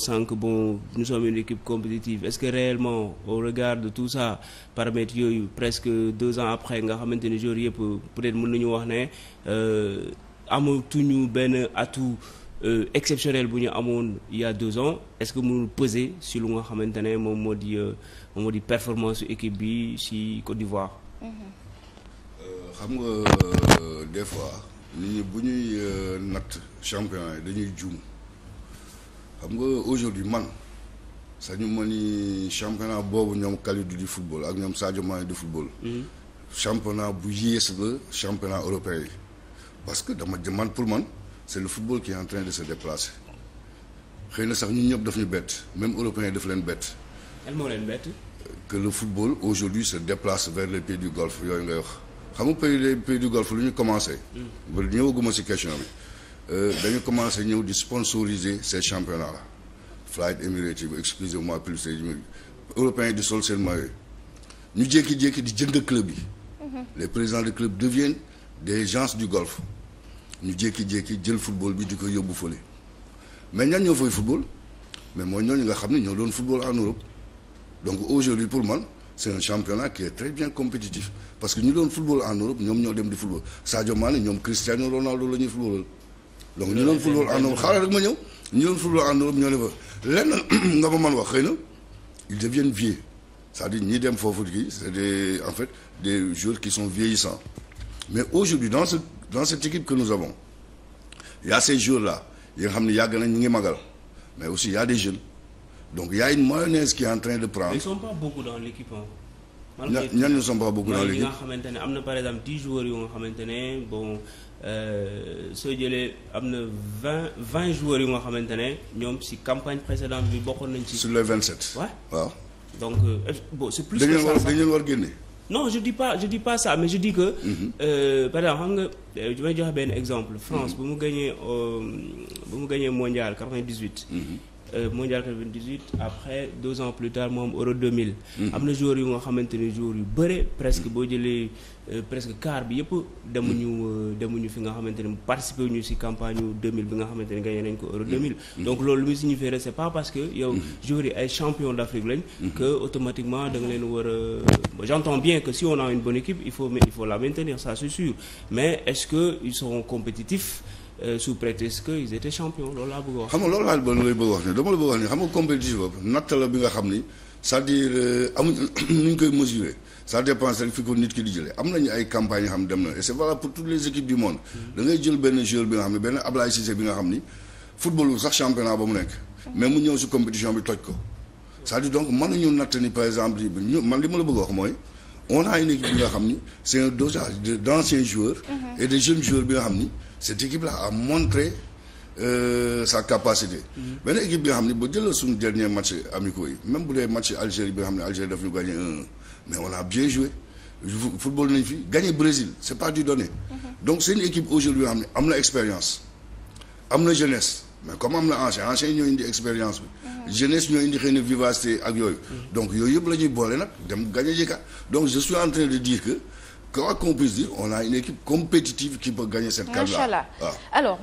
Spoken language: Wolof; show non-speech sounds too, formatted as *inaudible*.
sànq bon nous sommes une équipe compétitive est-ce que réellement au regard de tout ça paramètres yooyu presque deux ans après nga xamante ni joueurs yëpp peut-être na nañu wax ne euh, ñu benn atout euh, exceptionnel bu ñu amoon il a deux ans est-ce que mënul peser si lu nga xamante ne moom moo di euh, moom moo di performance équipe bi si Côte d'Ivoire. xam nga des fois nit ñi bu ñuy natt champion yi dañuy juum. xam nga aujourd'hui man sañu ma ni championnat boobu ñoom Kalidou di football ak ñoom Sadio Mané di football. Mhm. championnat bu yées la championnat européen yi parce que dama man pour man c'est le football qui est en train de se déplacer xëy na sax ñu ñëpp daf ñu bett même européens yi daf leen bett. lan moo leen bett. que le football aujourd'hui se déplace vers les pays du golfe yooyu ngay wax xam nga pays les pays du golfe lu ñu commencé. Mhm. ba ñëwaguma ci question bi. Euh, dañu commencé ñëw di sponsoriser ces championnats là Flight Emirates excusez-moi plus européens yi di sol seen maillot ñu jékki-jékki di jënd club yi mhm. les présidents de club deviennent des gens du golf ñu jékki-jékki jël football bi di ko yóbbu fële mais ñan ñoo fay football mais mooy ñooñu nga xam ne ñoo doon football en Europe donc aujourd'hui pour man c'est un championnat qui est très bien compétitif parce que ñu doon football en Europe ñoom ñoo dem di football Sadio Mané ñoom Cristiano Ronaldo la ñuy football donc ñu doon football en Europe xaaral rek ma ñëw ñu doon football en Europe ñoo ne *clears throat* nga ma man wax xëy na ils deviennent vieux c'est-à-dire ñi dem foofu kii c'est des en fait des joueurs qui sont vieillissants mais aujourd'hui dans ce dans cette équipe que nous avons il y a ces joueurs-là yi nga xam ne yàgg nañ ñu ngi magal mais aussi il des jeunes donc il y a une mayonnaise qui en train de prendre. Ils sont pas beaucoup dans l'équipe. ñan ne sont boobu beaucoup dans l'équipe nga xamante ne am na par exemple dix joueurs yu nga xamante ne bon euh, soo jëlee am na vingt vingt joueurs yu nga xamante ne ñoom si campagne précédente bi bokkoon nañ ci. sur les vingt sept. waaw donc euh, bon c'est plus. que ça dañ leen war génne. non je dis pas je dis pas que. Mhm. Euh, par exemple xam nga damay joxe benn exemple. France mhm. bu mu gagné bu mu gagné mondial 98. Euh, mondial 98 après deux ans plus tard moom euro 2000. Mm. am na joueurs yu nga xamante ni joueurs yu bëre presque mm. boo jëlee euh, presque quart bi yëpp demuñu mm. euh, demuñu fi nga xamante ni participer wuñu ci campagne yu 2000 bi nga xamante ni gagné nañ ko euro 2000. donc loolu lu muy signifier c'est pas parce que yow joueurs yi ay champion d'Afrique lañ. Mm-hmm. que automatiquement da leen war a j'entends bien que si on a une bonne équipe il faut il maintenir ça que ils seront Euh, sous prétexte que ils étaient champions loolu laa bëgg wax. xam nga loolu laa bëgg wax ne dama la bëgg wax ne xam nga compétition boobu natt la bi nga xam ni c'est-à-dire euh, amuñ *clears throat* nu ñu koy mesurer ça dépend rek fi ko nit ki di jëlee am nañu ay campagnes yoo xam ne dem na et c'est valable pour toutes les équipes du monde. Mm-hmm. da ngay jël benn joueur bi nga xam ne benn Ablaye Cissé bi nga xam ni football sax championnat ba mu nekk. mais mu ñëw si compétition bi toj ko. c'est-à-dire donc mën nañu natt ni par exemple ñu man li ma la bëgg wax mooy. on a une équipe bi nga xam ni c'est un dosage d'anciens joueurs. Mm-hmm. et des jeunes joueurs bi nga xam ni. cette équipe-là a montré euh, sa capacité. benn mhm. équipe bi nga xam ne ba jëlal suñu dernier match amicaux yi même bu dee match Algérie bi xam ne Algérie daf ñu gagné 1-1 mais on a bien joué football nañu fi gagné Brésil c'est pas du donné. Mhm. donc c'est une aujourd'hui nga xam ne am na expérience am na jeunesse. mais comme am na ancien ancien ñoo indi expérience bi. Mhm. jeunesse ñoo indi xëy vivacité ak yooyu. donc yooyu yëpp la ñuy boole nag dem gagné ji donc je suis en train de dire que. quoi qu'on on a une équipe compétitive qui peut gagner cette CAN là. Machallah. Ah. Alors